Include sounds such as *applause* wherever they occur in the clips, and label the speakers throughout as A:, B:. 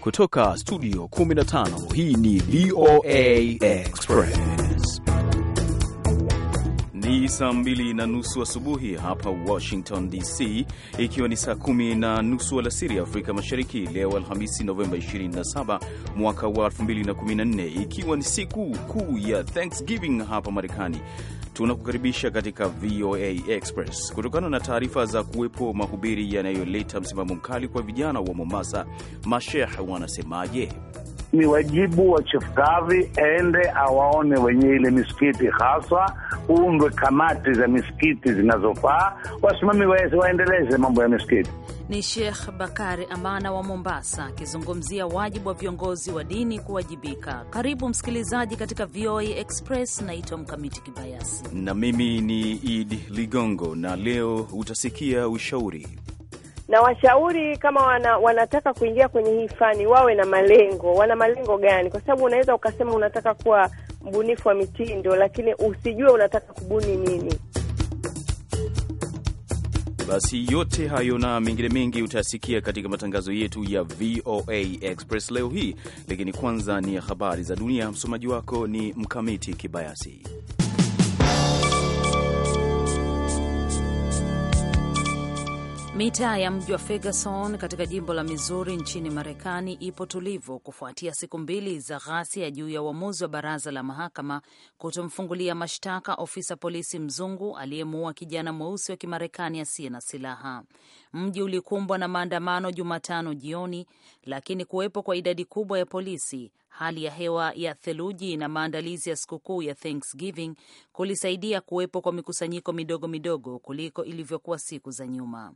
A: Kutoka studio 15 hii ni VOA Express. Ni saa mbili na nusu asubuhi hapa Washington DC, ikiwa ni saa kumi na nusu alasiri Afrika Mashariki. Leo Alhamisi, Novemba 27 mwaka wa 2014, ikiwa ni siku kuu ya Thanksgiving hapa Marekani, tunakukaribisha katika VOA Express. Kutokana na taarifa za kuwepo mahubiri yanayoleta msimamo mkali kwa vijana wa Mombasa, mashehe wanasemaje?
B: ni wajibu wa Chief Kadhi ende awaone wenye ile misikiti, haswa undwe kamati za misikiti zinazofaa, wasimami wezi waendeleze mambo ya misikiti.
C: Ni shekh Bakari Amana wa Mombasa akizungumzia wajibu wa viongozi wa dini kuwajibika. Karibu msikilizaji katika VOA Express. Naitwa Mkamiti Kibayasi
A: na mimi ni Idi Ligongo, na leo utasikia ushauri
D: na washauri kama wana, wanataka kuingia kwenye hii fani wawe na malengo. Wana malengo gani? Kwa sababu unaweza ukasema unataka kuwa mbunifu wa mitindo, lakini usijue unataka kubuni nini.
A: Basi yote hayo na mengine mengi utayasikia katika matangazo yetu ya VOA Express leo hii, lakini kwanza ni habari za dunia. Msomaji wako ni Mkamiti Kibayasi.
C: Mitaa ya mji wa Ferguson katika jimbo la Missouri nchini Marekani ipo tulivu kufuatia siku mbili za ghasia juu ya uamuzi wa baraza la mahakama kutomfungulia mashtaka ofisa polisi mzungu aliyemuua kijana mweusi wa Kimarekani asiye na silaha. Mji ulikumbwa na maandamano Jumatano jioni, lakini kuwepo kwa idadi kubwa ya polisi hali ya hewa ya theluji na maandalizi ya sikukuu ya Thanksgiving kulisaidia kuwepo kwa mikusanyiko midogo midogo kuliko ilivyokuwa siku za nyuma.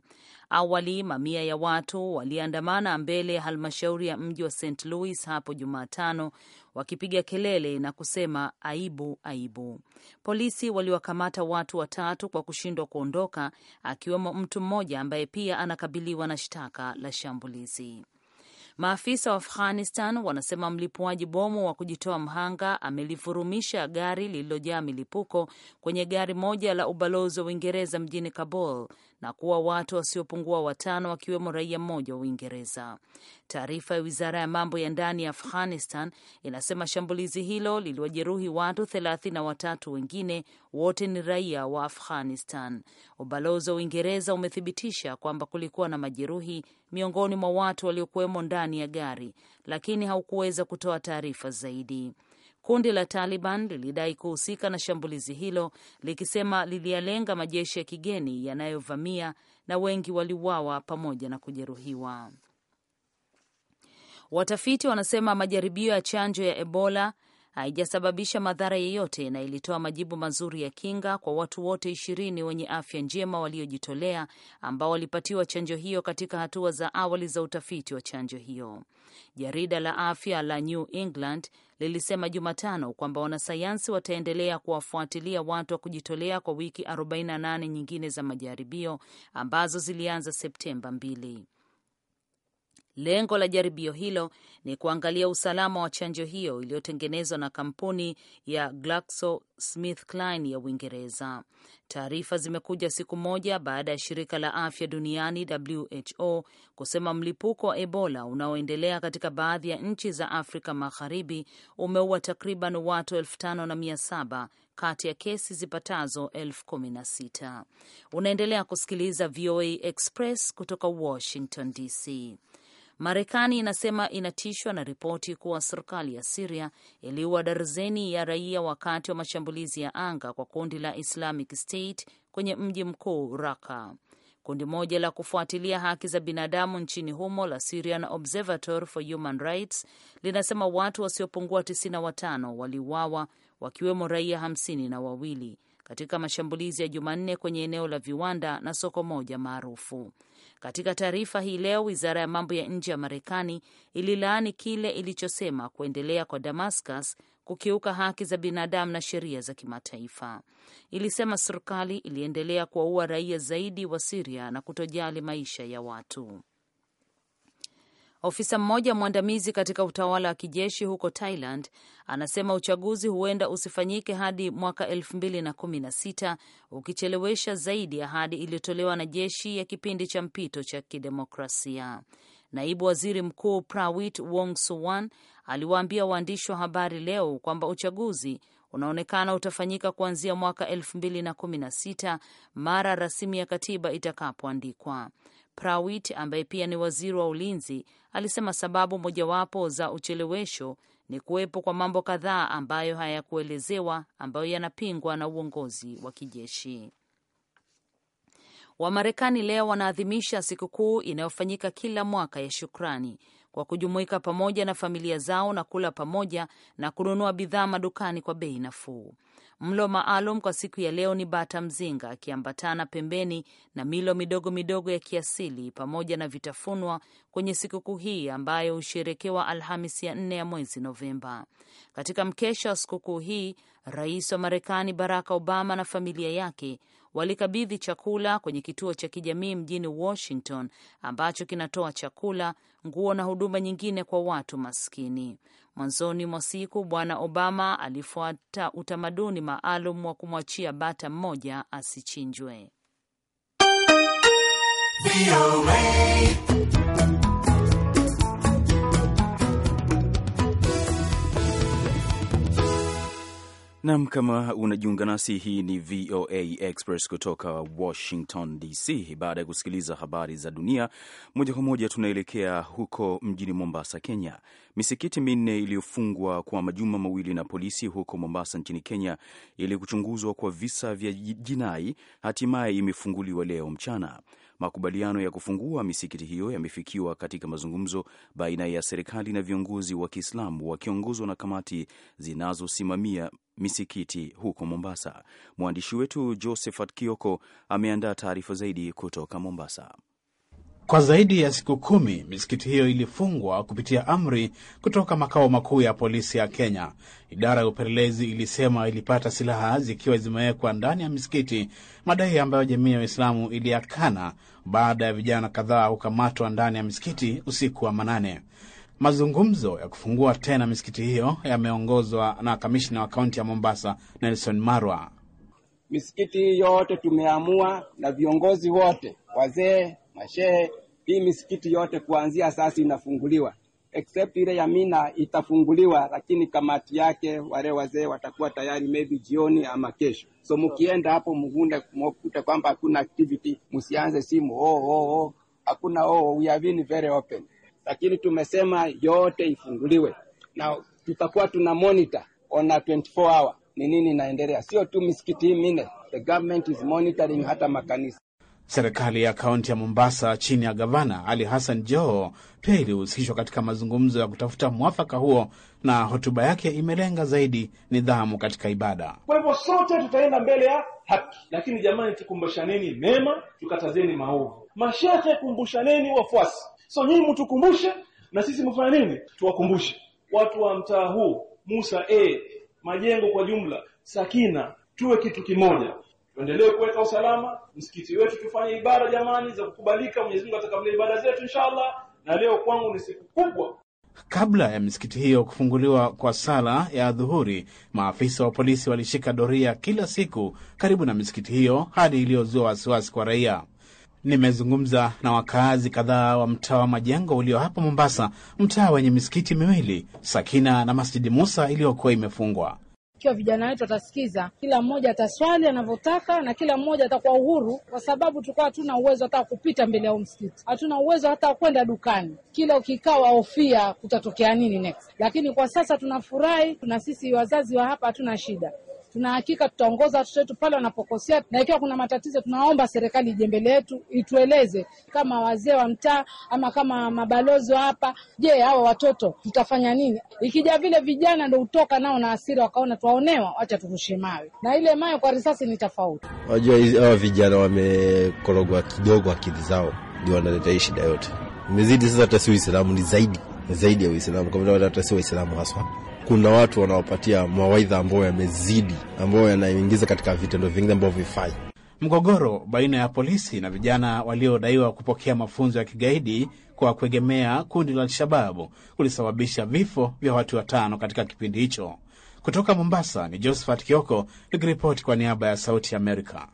C: Awali, mamia ya watu waliandamana mbele ya halmashauri ya mji wa St Louis hapo Jumatano wakipiga kelele na kusema aibu, aibu. Polisi waliwakamata watu watatu kwa kushindwa kuondoka, akiwemo mtu mmoja ambaye pia anakabiliwa na shtaka la shambulizi. Maafisa wa Afghanistan wanasema mlipuaji bomu wa kujitoa mhanga amelivurumisha gari lililojaa milipuko kwenye gari moja la ubalozi wa Uingereza mjini Kabul na kuwa watu wasiopungua watano wakiwemo raia mmoja wa Uingereza. Taarifa ya wizara ya mambo ya ndani ya Afghanistan inasema shambulizi hilo liliwajeruhi watu thelathini na watatu, wengine wote ni raia wa Afghanistan. Ubalozi wa Uingereza umethibitisha kwamba kulikuwa na majeruhi miongoni mwa watu waliokuwemo ndani ya gari, lakini haukuweza kutoa taarifa zaidi. Kundi la Taliban lilidai kuhusika na shambulizi hilo likisema liliyalenga majeshi ya kigeni yanayovamia na wengi waliuawa pamoja na kujeruhiwa. Watafiti wanasema majaribio ya chanjo ya Ebola haijasababisha madhara yeyote na ilitoa majibu mazuri ya kinga kwa watu wote ishirini wenye afya njema waliojitolea ambao walipatiwa chanjo hiyo katika hatua za awali za utafiti wa chanjo hiyo. Jarida la afya la New England lilisema Jumatano kwamba wanasayansi wataendelea kuwafuatilia watu wa kujitolea kwa wiki 48 nyingine za majaribio ambazo zilianza Septemba 2. Lengo la jaribio hilo ni kuangalia usalama wa chanjo hiyo iliyotengenezwa na kampuni ya GlaxoSmithKline ya Uingereza. Taarifa zimekuja siku moja baada ya shirika la afya duniani WHO kusema mlipuko wa Ebola unaoendelea katika baadhi ya nchi za Afrika Magharibi umeua takriban watu 57 kati ya kesi zipatazo 16 Unaendelea kusikiliza VOA Express kutoka Washington DC. Marekani inasema inatishwa na ripoti kuwa serikali ya Siria iliua darzeni ya raia wakati wa mashambulizi ya anga kwa kundi la Islamic State kwenye mji mkuu raka Kundi moja la kufuatilia haki za binadamu nchini humo la Syrian Observatory for Human Rights linasema watu wasiopungua 95 waliuawa wakiwemo raia hamsini na wawili katika mashambulizi ya Jumanne kwenye eneo la viwanda na soko moja maarufu. Katika taarifa hii leo, wizara ya mambo ya nje ya Marekani ililaani kile ilichosema kuendelea kwa Damascus kukiuka haki za binadamu na sheria za kimataifa. Ilisema serikali iliendelea kuwaua raia zaidi wa Siria na kutojali maisha ya watu. Ofisa mmoja mwandamizi katika utawala wa kijeshi huko Thailand anasema uchaguzi huenda usifanyike hadi mwaka elfu mbili na kumi na sita ukichelewesha zaidi ahadi iliyotolewa na jeshi ya kipindi cha mpito cha kidemokrasia. Naibu waziri mkuu Prawit wong suwan aliwaambia waandishi wa habari leo kwamba uchaguzi unaonekana utafanyika kuanzia mwaka elfu mbili na kumi na sita mara rasimu ya katiba itakapoandikwa. Prawit ambaye pia ni waziri wa ulinzi alisema sababu mojawapo za uchelewesho ni kuwepo kwa mambo kadhaa ambayo hayakuelezewa ambayo yanapingwa na uongozi wa kijeshi. Wamarekani leo wanaadhimisha sikukuu inayofanyika kila mwaka ya shukrani kwa kujumuika pamoja na familia zao na kula pamoja na kununua bidhaa madukani kwa bei nafuu. Mlo maalum kwa siku ya leo ni bata mzinga akiambatana pembeni na milo midogo midogo ya kiasili pamoja na vitafunwa kwenye sikukuu hii ambayo husherekewa Alhamis ya nne ya mwezi Novemba. Katika mkesha wa sikukuu hii, rais wa Marekani Barack Obama na familia yake walikabidhi chakula kwenye kituo cha kijamii mjini Washington ambacho kinatoa chakula, nguo na huduma nyingine kwa watu maskini. Mwanzoni mwa siku, Bwana Obama alifuata utamaduni maalum wa kumwachia bata mmoja asichinjwe.
A: Nam, kama unajiunga nasi, hii ni VOA Express kutoka Washington DC. Baada ya kusikiliza habari za dunia moja kwa moja, tunaelekea huko mjini Mombasa, Kenya. Misikiti minne iliyofungwa kwa majuma mawili na polisi huko Mombasa nchini Kenya ili kuchunguzwa kwa visa vya jinai hatimaye imefunguliwa leo mchana. Makubaliano ya kufungua misikiti hiyo yamefikiwa katika mazungumzo baina ya serikali na viongozi wa Kiislamu wakiongozwa na kamati zinazosimamia misikiti huko Mombasa. Mwandishi wetu Josephat Kioko ameandaa taarifa zaidi kutoka Mombasa.
E: Kwa zaidi ya siku kumi misikiti hiyo ilifungwa kupitia amri kutoka makao makuu ya polisi ya Kenya. Idara ya upelelezi ilisema ilipata silaha zikiwa zimewekwa ndani ya misikiti, madai ambayo jamii ya Waislamu iliyakana baada ya vijana kadhaa kukamatwa ndani ya misikiti usiku wa manane. Mazungumzo ya kufungua tena misikiti hiyo yameongozwa na kamishna wa kaunti ya Mombasa, Nelson Marwa.
F: Misikiti hii yote tumeamua na viongozi wote, wazee, mashehe, hii misikiti yote kuanzia sasa inafunguliwa except ile ya Mina itafunguliwa, lakini kamati yake wale wazee watakuwa tayari maybe jioni ama kesho. So mkienda hapo mgunde mkute kwamba hakuna activity, msianze simu oh, oh, oh. Hakuna oh, we have been very open, lakini tumesema yote ifunguliwe na tutakuwa tuna monitor on 24 hour ni nini inaendelea, sio tu misikiti mine. The government is monitoring hata makanisa.
E: Serikali ya kaunti ya Mombasa chini ya gavana Ali Hassan Joho pia ilihusishwa katika mazungumzo ya kutafuta mwafaka huo, na hotuba yake imelenga zaidi nidhamu katika ibada. Kwa hivyo sote tutaenda mbele
A: ya haki, lakini jamani, tukumbushaneni mema, tukatazeni maovu. Mashehe, kumbushaneni wafuasi. So nyinyi mtukumbushe na sisi mfanya nini, tuwakumbushe watu wa mtaa huu Musa e majengo kwa jumla, Sakina, tuwe kitu kimoja
G: tuendelee kuweka usalama
E: msikiti wetu tufanye
G: ibada jamani za kukubalika Mwenyezi Mungu atakamilisha ibada zetu inshallah na leo kwangu ni siku kubwa
E: Kabla ya misikiti hiyo kufunguliwa kwa sala ya dhuhuri, maafisa wa polisi walishika doria kila siku karibu na misikiti hiyo, hadi iliyozua wasiwasi kwa raia. Nimezungumza na wakaazi kadhaa wa mtaa wa Majengo ulio hapa Mombasa, mtaa wenye misikiti miwili, Sakina na Masjidi Musa iliyokuwa imefungwa
C: ikiwa vijana wetu watasikiza, kila mmoja ataswali anavyotaka na kila mmoja atakuwa uhuru, kwa sababu tulikuwa hatuna uwezo hata wa kupita mbele ya msikiti, hatuna uwezo hata wa kwenda dukani, kila ukikaa wahofia kutatokea nini next. Lakini kwa sasa tunafurahi, na sisi wazazi wa hapa hatuna shida tuna hakika tutaongoza watoto wetu pale
D: wanapokosea, na ikiwa kuna matatizo, tunaomba serikali ije mbele yetu itueleze, kama wazee wa mtaa ama kama mabalozi hapa. Je, hawa watoto tutafanya nini? Ikija vile vijana ndo hutoka nao na hasira, wakaona twaonewa, wacha turushe mawe, na ile mayo kwa risasi ni
H: tofauti.
F: Wajua hawa vijana wamekorogwa kidogo akili zao, ndio wanaleta hii shida yote. Imezidi sasa, hata si Uislamu ni zaidi zaidi ya Uislamu, kwa vile watasema Waislamu haswa kuna watu wanawapatia mawaidha ambayo yamezidi, ambayo yanaingiza katika vitendo vingine ambavyo vifai.
E: Mgogoro baina ya polisi na vijana waliodaiwa kupokea mafunzo ya kigaidi kwa kuegemea kundi la Alshababu kulisababisha vifo vya watu watano katika kipindi hicho. Kutoka Mombasa ni Josephat Kioko nikiripoti kwa niaba ya Sauti Amerika.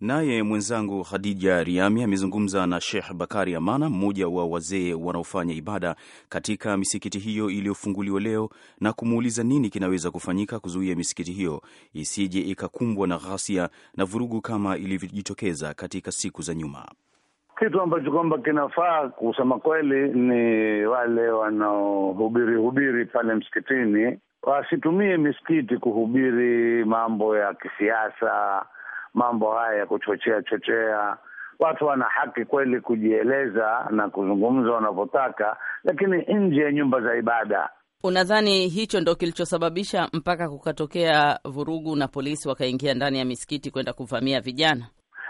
A: Naye mwenzangu Khadija Riami amezungumza na Sheikh Bakari Amana, mmoja wa wazee wanaofanya ibada katika misikiti hiyo iliyofunguliwa leo, na kumuuliza nini kinaweza kufanyika kuzuia misikiti hiyo isije ikakumbwa na ghasia na vurugu kama ilivyojitokeza katika siku za nyuma.
B: Kitu ambacho kwamba kinafaa kusema kweli ni wale wanaohubiri hubiri pale msikitini wasitumie misikiti kuhubiri mambo ya kisiasa mambo haya ya kuchochea chochea. Watu wana haki kweli kujieleza na kuzungumza wanavyotaka, lakini nje ya nyumba za ibada.
C: Unadhani hicho ndo kilichosababisha mpaka kukatokea vurugu na polisi wakaingia ndani ya misikiti kwenda kuvamia vijana?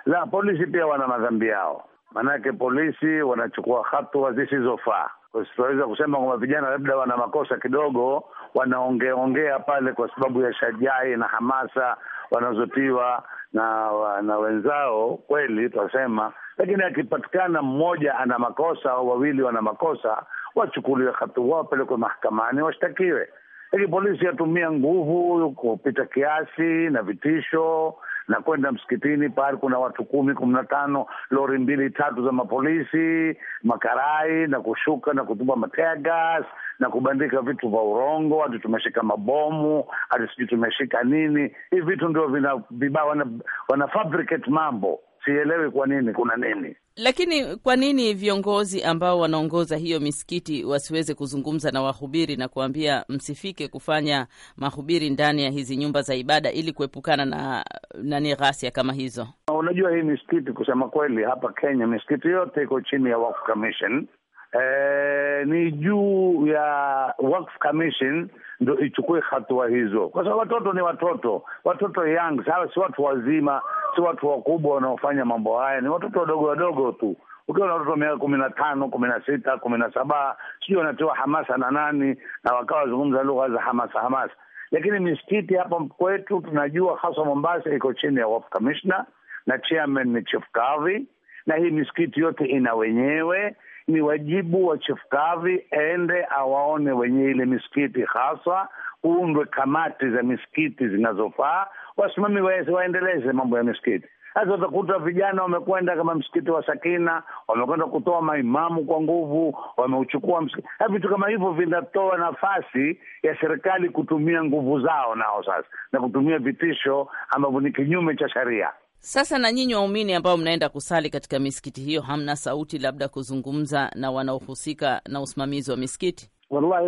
B: La, polisi pia wana madhambi yao, maanake polisi wanachukua hatua zisizofaa. Tunaweza kusema kwamba vijana labda wana makosa kidogo, wanaongeongea pale kwa sababu ya shajai na hamasa wanazotiwa na na wenzao kweli twasema, lakini akipatikana mmoja ana makosa au wawili wana makosa, wachukuliwe hatua, wapelekwe mahakamani, washtakiwe. Lakini polisi yatumia nguvu kupita kiasi na vitisho na kwenda msikitini pale, kuna watu kumi kumi na tano, lori mbili tatu za mapolisi, makarai na kushuka na kutupa matea gas na kubandika vitu vya urongo, hadi tumeshika mabomu, hadi sijui tumeshika nini. Hivi vitu ndio vina vibaa, wana, wana fabricate mambo. Sielewi kwa nini, kuna nini?
C: Lakini kwa nini viongozi ambao wanaongoza hiyo misikiti wasiweze kuzungumza na wahubiri na kuambia msifike kufanya mahubiri ndani ya hizi nyumba za ibada ili kuepukana na nani ghasia kama hizo?
B: Unajua, hii misikiti kusema kweli, hapa Kenya misikiti yote iko chini ya Waqf Commission. E, ni juu ya Commission ndo ichukue hatua hizo, kwa sababu watoto ni watoto, watoto young, si watu wazima si watu wakubwa wanaofanya mambo haya, ni watoto wadogo wadogo tu. Ukiwa na watoto wa miaka kumi na tano, kumi na sita, kumi na saba, sijui wanatiwa hamasa na nani, na wakawa wazungumza lugha za hamasa hamasa. Lakini misikiti hapa kwetu tunajua, haswa Mombasa, iko chini ya Commissioner na chairman ni Chief Kadhi, na hii misikiti yote ina wenyewe. Ni wajibu wa Chief Kadhi ende awaone wenye ile misikiti, haswa kuundwe kamati za misikiti zinazofaa wasimami waendeleze mambo ya misikiti. Sasa utakuta vijana wamekwenda kama msikiti wa Sakina, wamekwenda kutoa maimamu kwa nguvu, wameuchukua msikiti. Vitu kama hivyo vinatoa nafasi ya serikali kutumia nguvu zao nao sasa na kutumia vitisho ambavyo ni kinyume cha sheria.
C: Sasa na nyinyi waumini ambao mnaenda kusali katika misikiti hiyo, hamna sauti labda kuzungumza na wanaohusika na usimamizi wa misikiti?
B: Wallahi,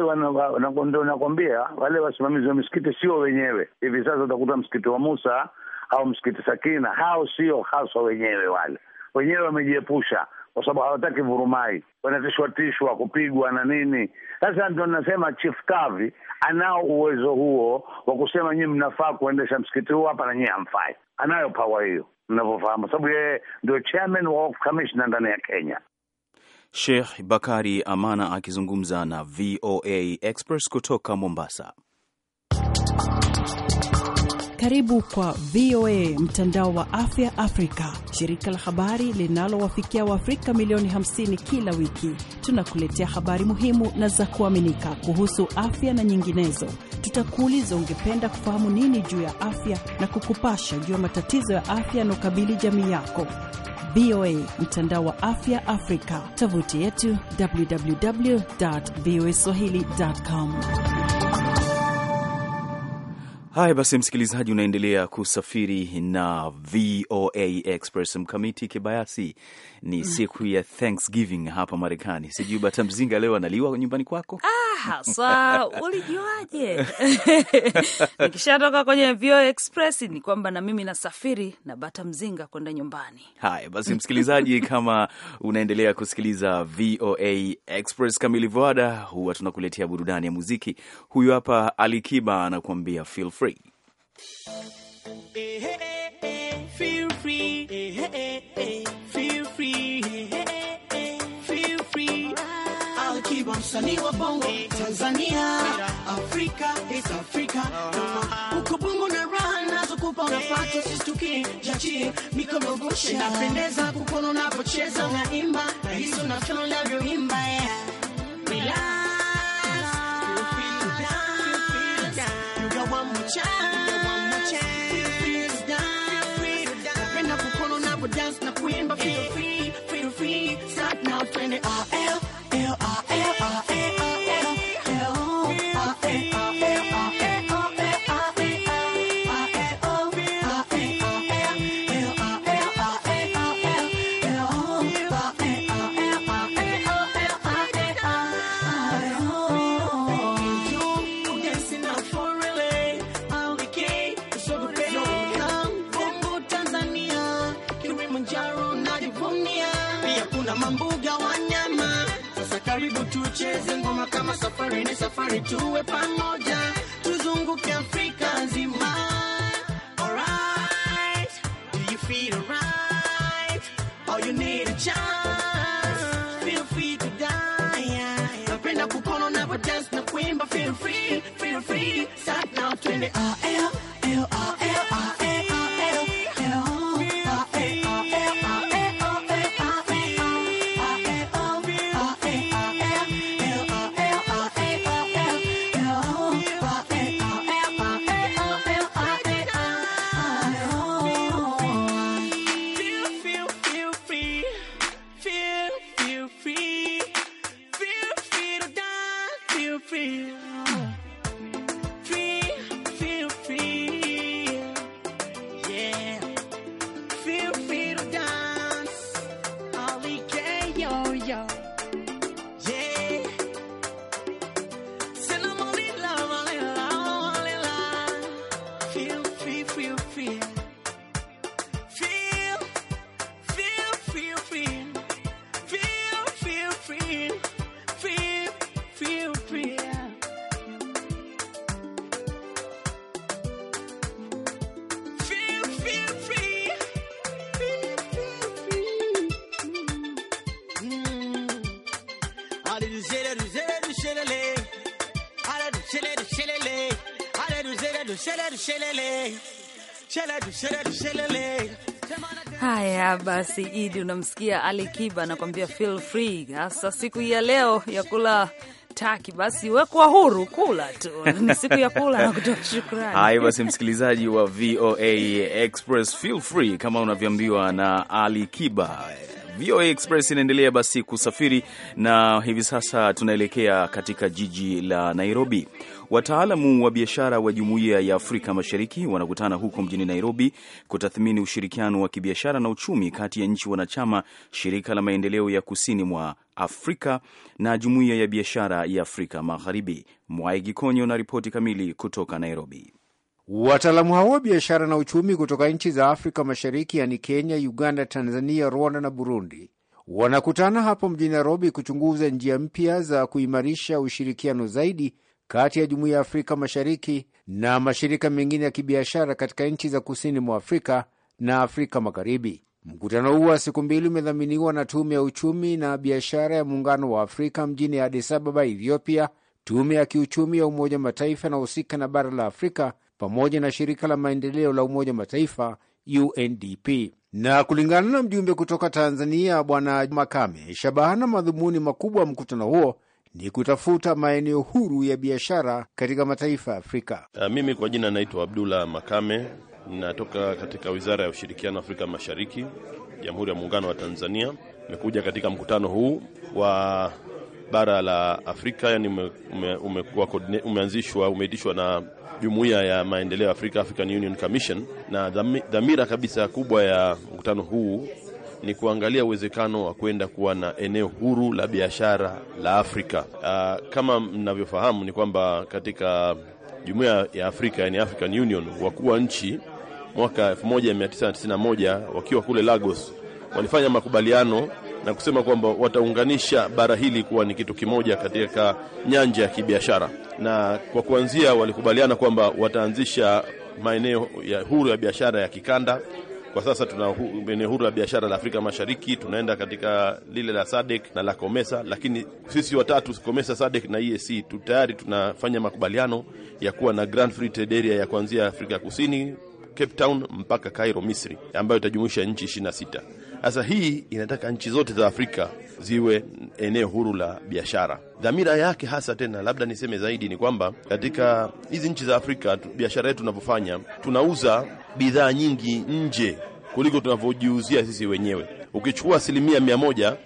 B: ndo nakwambia wale wasimamizi wa misikiti sio wenyewe. Hivi sasa utakuta msikiti wa Musa au msikiti Sakina, hao sio haswa wenyewe. Wale wenyewe wamejiepusha kwa sababu hawataki vurumai, wanatishwatishwa kupigwa na nini. Sasa ndo nasema Chief Kavi anao uwezo huo wa kusema nyie mnafaa kuendesha msikiti huo hapa na nyie hamfai. Anayo pawa hiyo mnavyofahamu, sababu yeye ndio chairman wa commissioner ndani ya Kenya.
A: Sheikh Bakari Amana akizungumza na VOA Express kutoka Mombasa.
I: Karibu kwa VOA mtandao wa afya Afrika, shirika la habari linalowafikia Waafrika milioni 50 kila wiki. Tunakuletea habari muhimu na za kuaminika kuhusu afya na nyinginezo. Tutakuuliza ungependa kufahamu nini juu ya afya na kukupasha juu ya matatizo ya afya yanayokabili jamii yako. VOA, mtandao wa afya Afrika, tovuti yetu www voa swahili.com.
A: Haya basi, msikilizaji, unaendelea kusafiri na VOA Express. Mkamiti Kibayasi ni mm. siku ya Thanksgiving hapa Marekani. Sijui bata mzinga leo analiwa nyumbani kwako?
C: Ah, *laughs* ulijuaje?
A: *laughs*
C: Nikishatoka kwenye VOA Express ni kwamba na mimi nasafiri na bata mzinga kwenda nyumbani.
A: Haya basi, msikilizaji, *laughs* kama unaendelea kusikiliza VOA Express kama ilivyoada, huwa tunakuletea burudani ya muziki. Huyu hapa Alikiba anakuambia feel free. Eh, eh, eh,
E: feel free.
I: Usanii wa bongo Tanzania, Afrika is Afrika. Uko bongo na raha nazo kupa unapato, sistuki jaji mikorogosho inapendeza kukono unapocheza unaimba na hizo unafanya unavyoimba Dance na kuimba feel free
C: Haya basi, Idi, unamsikia Ali Kiba anakuambia feel free, hasa siku ya leo ya kula taki basi, wekwa huru, kula tu, *laughs* ni siku ya kula na kutoa shukrani. Haya basi,
A: msikilizaji wa VOA Express, feel free kama unavyoambiwa na Ali Kiba VOA Express inaendelea basi kusafiri na hivi sasa tunaelekea katika jiji la Nairobi. Wataalamu wa biashara wa Jumuiya ya Afrika Mashariki wanakutana huko mjini Nairobi kutathmini ushirikiano wa kibiashara na uchumi kati ya nchi wanachama, Shirika la Maendeleo ya Kusini mwa Afrika na Jumuiya ya Biashara ya Afrika Magharibi. mwaigikonyo na
F: ripoti kamili kutoka Nairobi. Wataalamu hao wa biashara na uchumi kutoka nchi za Afrika Mashariki, yaani Kenya, Uganda, Tanzania, Rwanda na Burundi, wanakutana hapo mjini Nairobi kuchunguza njia mpya za kuimarisha ushirikiano zaidi kati ya Jumuiya ya Afrika Mashariki na mashirika mengine ya kibiashara katika nchi za kusini mwa Afrika na Afrika Magharibi. Mkutano huu wa siku mbili umedhaminiwa na Tume ya Uchumi na Biashara ya Muungano wa Afrika mjini adisababa Ababa, Ethiopia, Tume ya Kiuchumi ya Umoja mataifa Mataifa inahusika na bara la Afrika pamoja na shirika la maendeleo la Umoja wa Mataifa UNDP. Na kulingana na mjumbe kutoka Tanzania Bwana Makame na madhumuni makubwa ya mkutano huo ni kutafuta maeneo huru ya biashara katika mataifa ya Afrika.
G: Uh, mimi kwa jina naitwa Abdullah Makame, natoka katika Wizara ya Ushirikiano Afrika Mashariki, Jamhuri ya Muungano wa Tanzania. Nimekuja katika mkutano huu wa bara la Afrika, yani umekuwa ume, umeanzishwa umeitishwa na Jumuiya ya Maendeleo ya Afrika, African Union Commission, na dhamira kabisa kubwa ya mkutano huu ni kuangalia uwezekano wa kwenda kuwa na eneo huru la biashara la Afrika. Uh, kama mnavyofahamu ni kwamba katika Jumuiya ya Afrika yani African Union, wakuu wa nchi mwaka 1991 wakiwa kule Lagos walifanya makubaliano na kusema kwamba wataunganisha bara hili kuwa ni kitu kimoja katika nyanja ya kibiashara, na kwa kuanzia walikubaliana kwamba wataanzisha maeneo ya huru ya biashara ya kikanda. Kwa sasa tuna eneo huru la biashara la Afrika Mashariki, tunaenda katika lile la SADC na la COMESA, lakini sisi watatu COMESA, SADC na EAC tu tayari tunafanya makubaliano ya kuwa na Grand Free Trade Area ya kuanzia Afrika Kusini Cape Town mpaka Cairo Misri, ambayo itajumuisha nchi 26. Sasa hii inataka nchi zote za Afrika ziwe eneo huru la biashara. Dhamira yake hasa tena, labda niseme zaidi, ni kwamba katika hizi nchi za Afrika biashara yetu tunavyofanya, tunauza bidhaa nyingi nje kuliko tunavyojiuzia sisi wenyewe. Ukichukua asilimia mia moja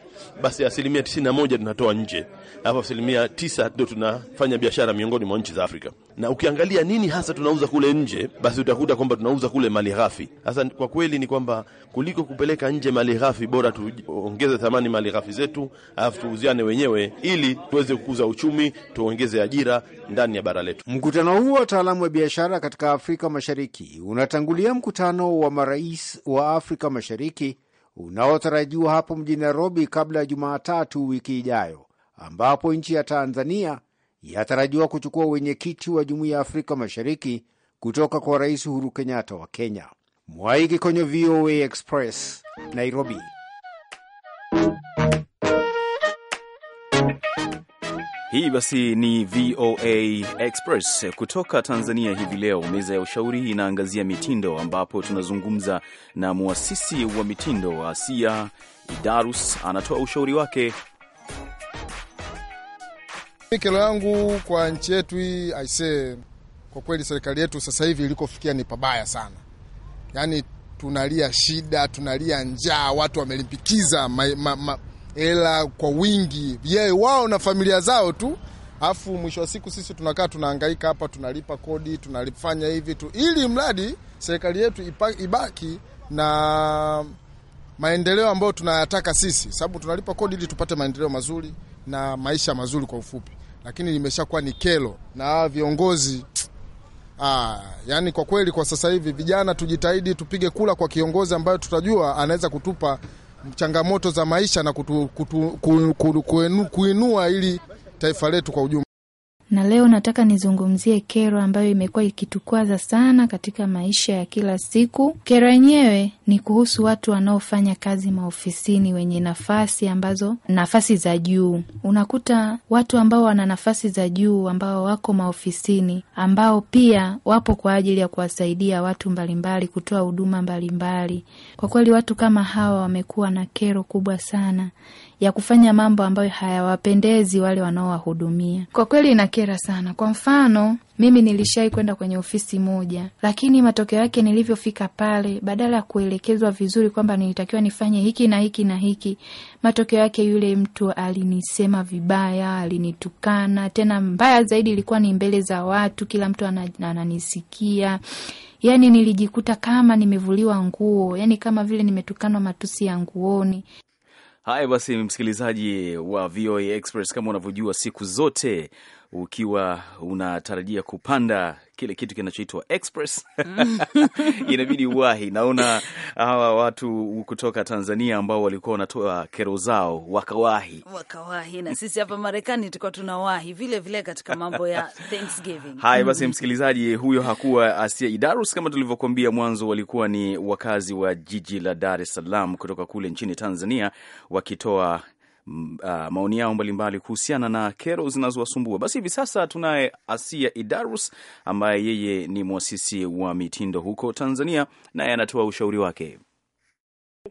G: basi asilimia tisini na moja tunatoa nje, alafu asilimia tisa ndio tunafanya biashara miongoni mwa nchi za Afrika. Na ukiangalia nini hasa tunauza kule nje, basi utakuta kwamba tunauza kule mali ghafi. Sasa kwa kweli ni kwamba kuliko kupeleka nje mali ghafi, bora tuongeze thamani mali ghafi zetu, alafu tuuziane wenyewe, ili tuweze kukuza uchumi, tuongeze ajira ndani ya bara letu.
F: Mkutano huu wa wataalamu wa biashara katika Afrika Mashariki unatangulia mkutano wa marais wa Afrika Mashariki unaotarajiwa hapo mjini Nairobi kabla ya Jumatatu wiki ijayo, ambapo nchi ya Tanzania yatarajiwa kuchukua wenyekiti wa Jumuiya ya Afrika Mashariki kutoka kwa Rais Uhuru Kenyatta wa Kenya. Mwaiki kwenye VOA Express, Nairobi.
A: Hii basi ni VOA Express kutoka Tanzania. Hivi leo meza ya ushauri inaangazia mitindo, ambapo tunazungumza na mwasisi wa mitindo Asia Idarus, anatoa ushauri wake.
G: Kero yangu kwa nchi yetu hii aisee, kwa kweli serikali yetu sasa hivi ilikofikia ni pabaya sana, yaani tunalia shida, tunalia njaa, watu wamelimbikiza ma, ma, ma, hela kwa wingi, yeye wao na familia zao tu, afu mwisho wa siku sisi tunakaa tunahangaika hapa, tunalipa kodi, tunalifanya hivi tu, ili mradi serikali yetu ibaki na maendeleo ambayo tunayataka sisi, sababu tunalipa kodi ili tupate maendeleo mazuri na maisha mazuri kwa ufupi, lakini limeshakuwa ni kelo na viongozi *tsk* Ah, yani kwa kweli kwa sasa hivi vijana tujitahidi tupige kula kwa kiongozi ambayo tutajua anaweza kutupa changamoto za maisha na kutu, kutu, kuinua ili taifa letu kwa ujumla
H: na leo nataka nizungumzie kero ambayo imekuwa ikitukwaza sana katika maisha ya kila siku. Kero yenyewe ni kuhusu watu wanaofanya kazi maofisini wenye nafasi ambazo, nafasi za juu. Unakuta watu ambao wana nafasi za juu ambao wako maofisini, ambao pia wapo kwa ajili ya kuwasaidia watu mbalimbali, kutoa huduma mbalimbali. Kwa kweli watu kama hawa wamekuwa na kero kubwa sana ya kufanya mambo ambayo hayawapendezi wale wanaowahudumia. Kwa kweli inakera sana. Kwa mfano mimi nilishai kwenda kwenye ofisi moja, lakini matokeo yake nilivyofika pale, badala ya kuelekezwa vizuri kwamba nilitakiwa nifanye hiki na hiki na hiki, matokeo yake yule mtu alinisema vibaya, alinitukana. Tena mbaya zaidi ilikuwa ni mbele za watu, kila mtu ananisikia. Yani nilijikuta kama nimevuliwa nguo, yani kama vile nimetukanwa matusi ya nguoni.
A: Haya basi, msikilizaji wa VOA Express, kama unavyojua siku zote ukiwa unatarajia kupanda kile kitu kinachoitwa express mm. *laughs* inabidi uwahi. Naona hawa watu kutoka Tanzania ambao walikuwa wanatoa kero zao wakawahi,
C: wakawahi na sisi hapa Marekani tulikuwa tunawahi vile vile katika mambo ya Thanksgiving.
A: Haya basi, mm. msikilizaji, huyo hakuwa Asia Idarus. Kama tulivyokuambia mwanzo, walikuwa ni wakazi wa jiji la Dar es Salaam kutoka kule nchini Tanzania wakitoa uh, maoni yao mbalimbali kuhusiana na kero zinazowasumbua. Basi hivi sasa tunaye Asia Idarus ambaye yeye ni mwasisi wa mitindo huko Tanzania, naye anatoa ushauri wake.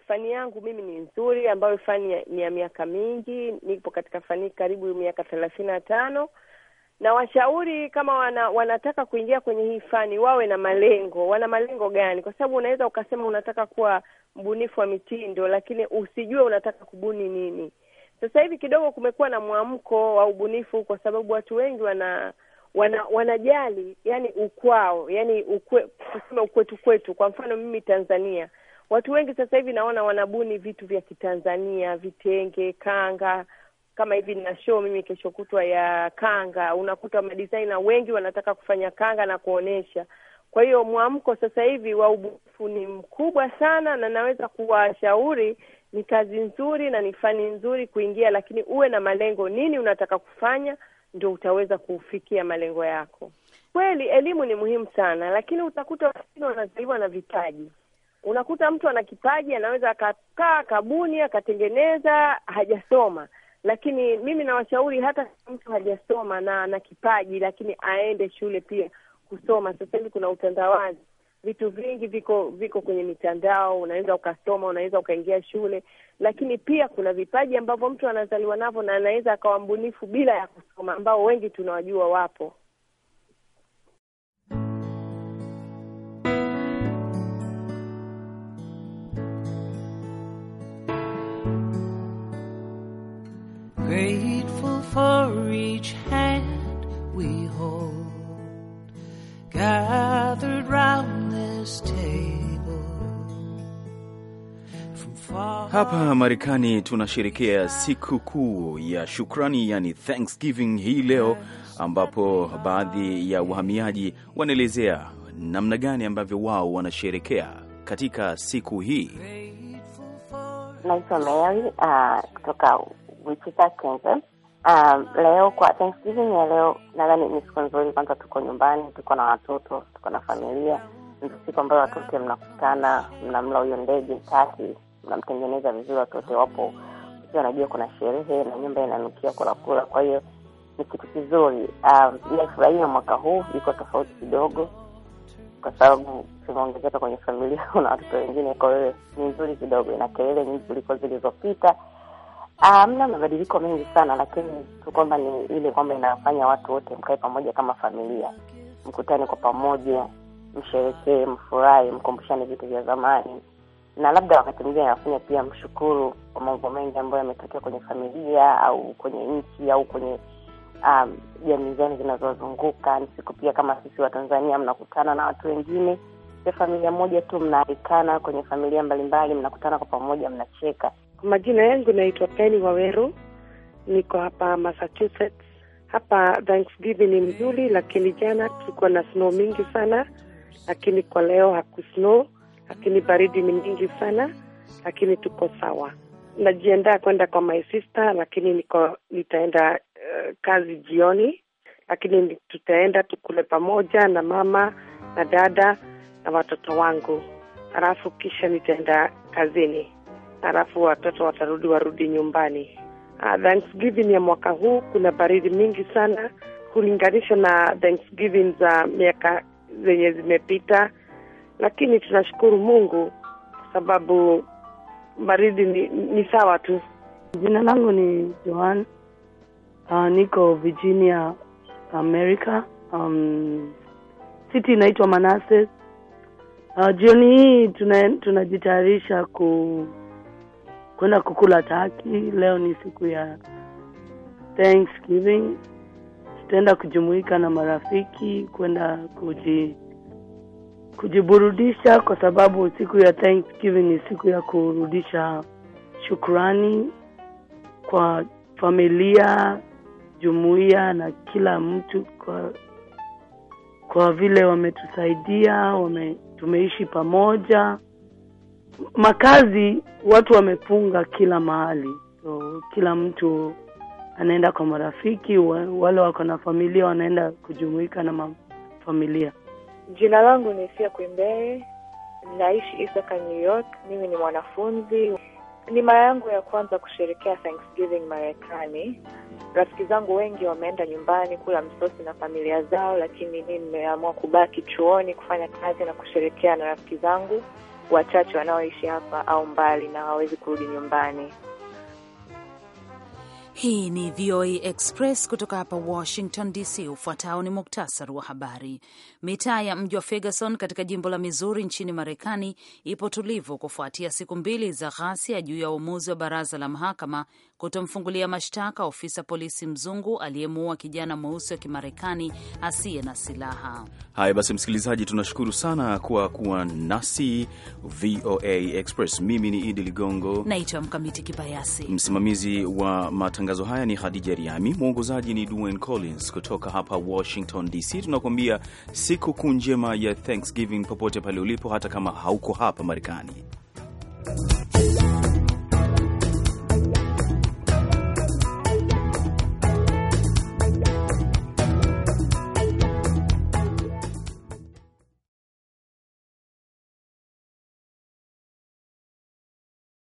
D: Fani yangu mimi ni nzuri, ambayo fani ni ya miaka mingi, nipo katika fani karibu miaka thelathini na tano na washauri kama wana, wanataka kuingia kwenye hii fani wawe na malengo. Wana malengo gani? Kwa sababu unaweza ukasema unataka kuwa mbunifu wa mitindo, lakini usijue unataka kubuni nini. Sasa hivi kidogo kumekuwa na mwamko wa ubunifu, kwa sababu watu wengi wana wana wanajali yani ukwao, yani ukwe, ukwetu kwetu. Kwa mfano mimi Tanzania, watu wengi sasa hivi naona wanabuni vitu vya Kitanzania, vitenge, kanga kama hivi na show mimi kesho kutwa ya kanga, unakuta madisaina wengi wanataka kufanya kanga na kuonesha. Kwa hiyo mwamko sasa hivi wa ubunifu ni mkubwa sana, na naweza kuwashauri ni kazi nzuri na ni fani nzuri kuingia, lakini uwe na malengo, nini unataka kufanya, ndio utaweza kufikia malengo yako. Kweli elimu ni muhimu sana, lakini utakuta wengine wanazaliwa na vipaji. Unakuta mtu ana kipaji, anaweza akakaa kabuni akatengeneza, hajasoma. Lakini mimi nawashauri hata mtu hajasoma na ana kipaji, lakini aende shule pia kusoma. Sasa hivi kuna utandawazi vitu vingi viko viko kwenye mitandao, unaweza ukasoma, unaweza ukaingia shule, lakini pia kuna vipaji ambavyo mtu anazaliwa navyo na anaweza akawa mbunifu bila ya kusoma, ambao wengi tunawajua wapo.
B: Grateful
I: for each hand we hold gathered round this table.
A: Hapa Marekani tunasherekea siku kuu ya shukrani, yani Thanksgiving hii leo, ambapo baadhi ya wahamiaji wanaelezea namna gani ambavyo wao wanasherekea katika siku hii.
J: Naitwa Mary uh, kutoka Wichita, Kansas. Ah, leo kwa Thanksgiving ya leo nadhani ni siku nzuri. Kwanza tuko nyumbani, tuko na watoto, tuko na familia. Ndio siku ambayo watote mnakutana, mnamla huyo ndege tati, mnamtengeneza vizuri, watoto wapo ukiwa wanajua kuna sherehe na nyumba inanukia kulakula. Kwa hiyo ni kitu kizuri. Um, naifurahia mwaka huu iko tofauti kidogo, kwa sababu tumeongezeka kwenye familia, *laughs* kuna watoto wengine. Kwa hiyo ni nzuri kidogo, ina kelele nyingi kuliko zilizopita. Hamna ah, mabadiliko mengi sana, lakini tu kwamba ni ile kwamba inafanya watu wote mkae pamoja kama familia, mkutane kwa pamoja, msherekee, mfurahi, mkumbushane vitu vya zamani, na labda wakati mwingine anafanya pia mshukuru kwa mambo mengi ambayo yametokea kwenye familia au kwenye nchi au kwenye um, jamii um, zani zinazozunguka. Ni siku pia kama sisi Watanzania, mnakutana na watu wengine sio familia moja tu, mnaalikana kwenye familia
D: mbalimbali, mnakutana kwa pamoja, mnacheka Majina yangu naitwa Penny Waweru, niko hapa Massachusetts. Hapa Thanksgiving ni mzuri, lakini jana tulikuwa na snow mingi sana, lakini kwa leo hakusnow, lakini baridi ni mingi sana, lakini tuko sawa. Najiandaa kwenda kwa my sister, lakini niko nitaenda uh, kazi jioni, lakini tutaenda tukule pamoja na mama na dada na watoto wangu, alafu kisha nitaenda kazini halafu watoto watarudi warudi nyumbani. Uh, Thanksgiving ya mwaka huu kuna baridi mingi sana kulinganisha na Thanksgiving za miaka zenye zimepita, lakini tunashukuru Mungu kwa sababu baridi ni, ni sawa tu. Jina langu ni Joan. Uh, niko Virginia, America. Um, city inaitwa Manassas. Uh, jioni hii tunajitayarisha tuna ku kwenda kukula taki. Leo ni siku ya Thanksgiving, tutaenda kujumuika na marafiki kwenda kuji kujiburudisha, kwa sababu siku ya Thanksgiving ni siku ya kurudisha shukrani kwa familia, jumuiya na kila mtu kwa kwa vile wametusaidia, wame tumeishi pamoja makazi watu wamepunga kila mahali, so kila mtu anaenda kwa marafiki, wale wako na familia wanaenda kujumuika na familia. Jina langu ni Sia Kwembee, naishi Isaka, New York. Mimi ni mwanafunzi. Ni mara yangu ya kwanza kusherekea Thanksgiving Marekani. Rafiki zangu wengi wameenda nyumbani kula msosi na familia zao, lakini mii nimeamua kubaki chuoni kufanya kazi na kusherekea na rafiki zangu wachache wanaoishi hapa au mbali na hawawezi kurudi nyumbani.
C: Hii ni VOA e Express kutoka hapa Washington DC. Ufuatao ni muktasari wa habari. Mitaa ya mji wa Ferguson katika jimbo la Mizuri nchini Marekani ipo tulivu kufuatia siku mbili za ghasia juu ya uamuzi wa baraza la mahakama kutomfungulia mashtaka ofisa polisi mzungu aliyemuua kijana mweusi wa Kimarekani asiye na silaha.
A: Haya basi, msikilizaji, tunashukuru sana kwa kuwa nasi VOA Express. Mimi ni Idi Ligongo,
C: naitwa Mkamiti Kibayasi.
A: Msimamizi wa matangazo haya ni Hadija Riami, mwongozaji ni Duane Collins. Kutoka hapa Washington DC tunakuambia siku kuu njema ya Thanksgiving popote pale ulipo, hata kama hauko hapa Marekani.